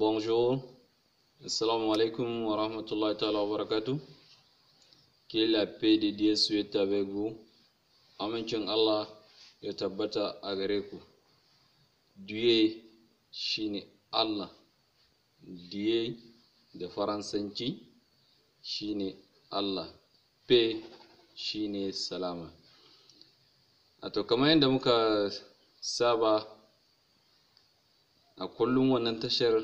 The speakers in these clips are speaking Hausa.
Bonjour, assalamu alaikum wa rahmatullahi ta'ala wa barakatuh. Que la paix de Dieu soit avec vous. Amincin Allah ya tabbata a gare ku. Dieu shine Allah. Dieu da Faransanci shine Allah. Paix shine salama. A to kamar yadda muka saba a kullum wannan tashar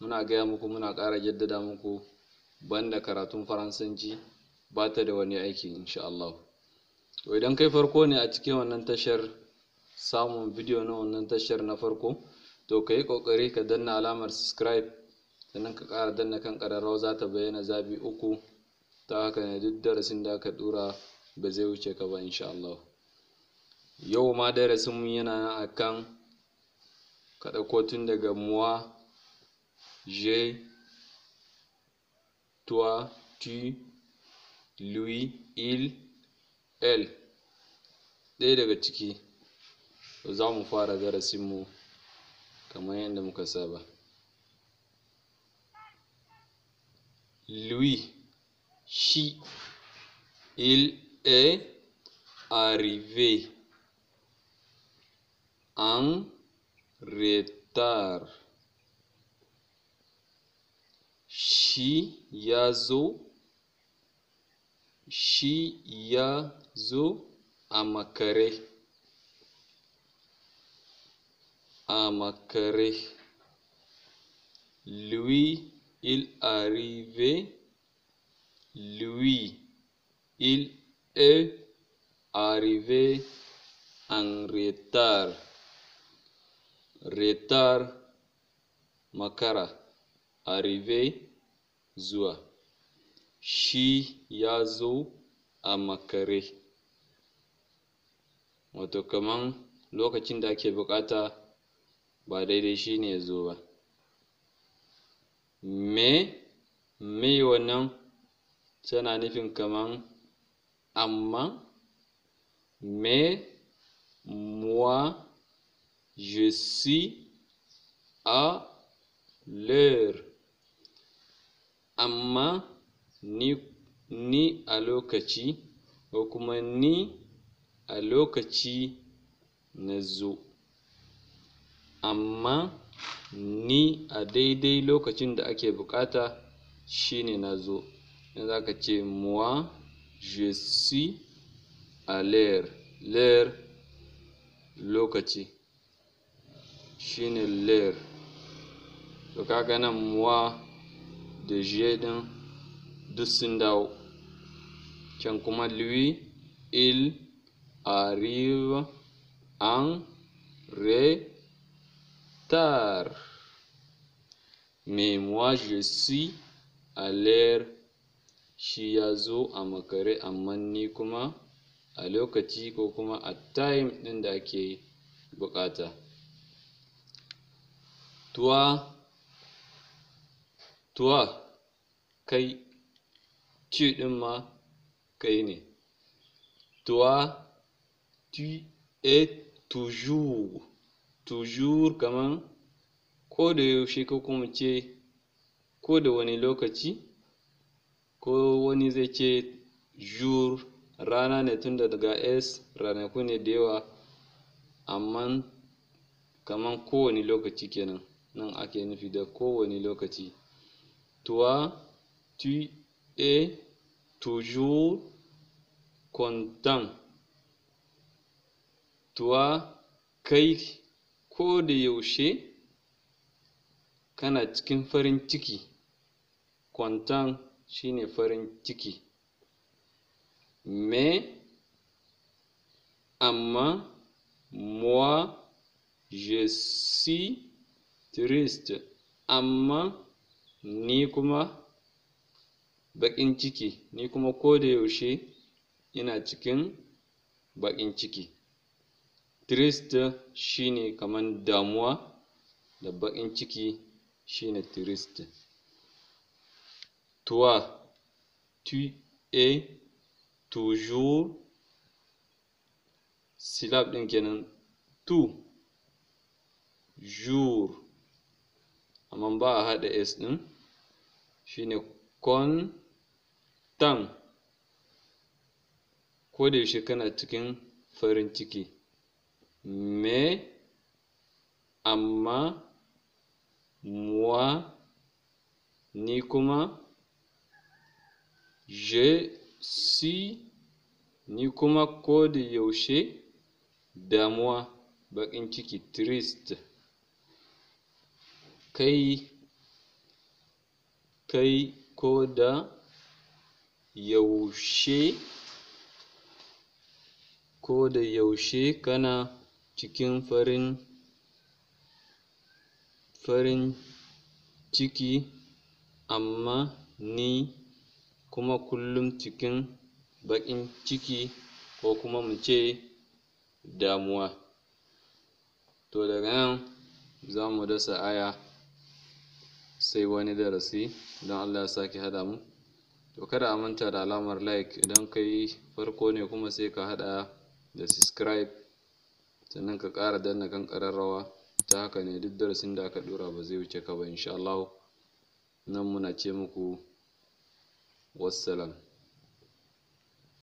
muna gaya muku muna ƙara jaddada muku banda karatun faransanci ba ta da wani aiki insha Allah to idan kai farko ne a cikin wannan tashar samun bidiyo na wannan tashar na farko to ka yi ƙoƙari ka danna alamar subscribe sannan ka ƙara danna kan ƙararrawa za ta bayyana zabi uku ta haka ne duk darasin da aka ɗura ba zai wuce ka ba insha Allah yau ma darasin yana akan ka kotun tun daga muwa je, toi, tu, lui, il, elle. Ɗaya daga ciki za mu fara darasinmu kamar yadda muka saba. Lui, shi, il e arrivé en retard. shi ya zo shi ya zo a makare a makare lui il arrive lui il est arrivé en retard retard makara arrivé zuwa. Shi ya zo a makare. Wato kaman lokacin da ake buƙata ba daidai shi ne ya zo ba. Me, me wannan tana nufin kaman amma, me, moi, je suis, à l'heure. amma ni, ni a lokaci ko kuma ni a lokaci na zo amma ni a daidai lokacin da ake buƙata shine na zo in za ka ce moi je suis à l'heure l'heure lokaci shine l'heure to ka ga nan moi da Gie din du sun dawo can kuma lui il arrive en retard mais moi je suis à l'heure shi ya zo a makare amma ni kuma a lokaci ko kuma a time ɗin da ake buƙata. Tuwa tuwa kai, ci ɗin ma kai ne. Tuwa, tu e toujours, toujours kaman ko da yaushe ko kuma ce ko da wani lokaci ko wani zai ce jour rana ne tunda daga s ranaku ne da yawa amman kaman kowane lokaci kenan nan ake nufi da kowane lokaci. Toi, tu es toujours content. Toi, kai ko da yaushe kana cikin farin ciki. Content shine farin ciki. Mais, amma, moi, je suis triste. Amma, ni kuma baƙin ciki ni kuma ko da yaushe ina cikin baƙin ciki shi shine kaman damuwa da baƙin ciki shine trist toi tu es toujours syllab ɗin kenan tu jour amma ba a haɗa s ɗin shine kontan ko da yaushe kana cikin farin ciki me amma muwa ni kuma je si ni kuma ko da yaushe damuwa baƙin ciki trist kai kai ko da yaushe ko da yaushe kana cikin farin farin ciki amma ni kuma kullum cikin baƙin ciki ko kuma mu ce damuwa to daga nan za mu dasa aya sai wani darasi don Allah ya sake hada mu to kada a manta da alamar like idan yi farko ne kuma sai ka hada da subscribe sannan ka kara danna kan kararrawa ta haka ne duk darasin da aka ɗora ba zai wuce ka ba insha Allah nan muna ce muku wassalam